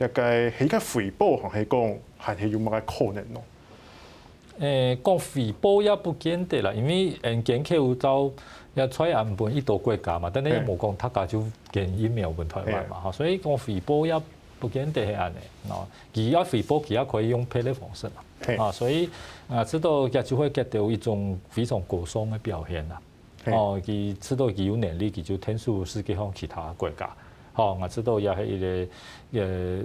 大概係個回報同係講，還是有乜嘅可能咯？誒、欸，講回報也不見得啦，因為嗯檢測有做一出安排，一到國家嘛，是但係冇講他家就檢疫苗問題嘛，嚇是，所以講回報也不見得係安尼。喏、哦，佢要回報，佢也可以用配的方式嘛，是啊，所以啊，知道也就會得到一種非常高尚嘅表現啦。哦，佢、啊、知道佢有能、那、力、個，佢就聽住世界上其他國家，嚇，我知道也係一個誒。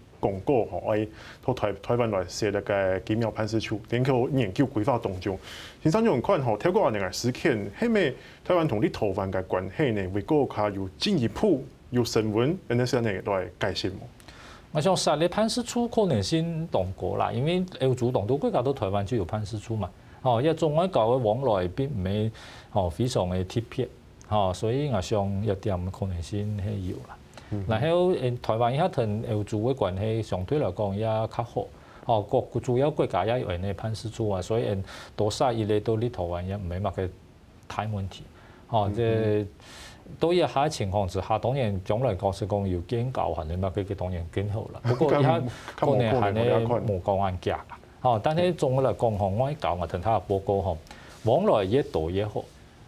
共告吼，喺台台灣內設大概幾苗辦事處，連佢研究規劃當中。先生仲看吼，聽過啱啱事件，係咪台灣同啲台灣嘅關係呢？會唔會佢要進一步要升溫？安尼啲嘢都係介紹。我想設立辦事處可能先當過啦，因為要主動都幾多到台灣就有辦事處嘛。哦，因為中愛搞嘅往來並唔係哦非常嘅貼切，哦，所以我想一點可能先係有啦。嗱， 然後誒台灣依家同歐洲嘅關係，相對嚟講也較好，哦國主要國家也因為咧辦事處啊，所以誒多曬依嚟到呢台灣也唔係乜嘅大問題哦，即係多一嚇情況之下，當然總嚟講是講要堅固下，你嘛佢嘅當然更好啦。不過依家可能係咧無國安啦哦，但係作為共同外交啊同他報告吼，往來越多越好。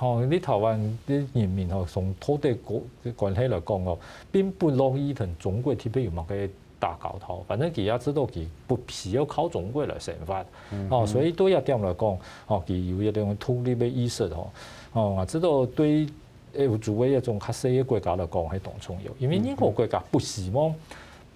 哦，你台灣啲人民哦，從土地國的關係來講，哦，並不容易同中國貼逼有樣嘅打交頭，反正佢也知道佢不是要靠中國嚟生活，哦，所以對一點來講，哦，佢有一種獨立的意識。哦，我知道對誒，有作為迄種較細嘅國家嚟講係當重要，因為英國國家不希望。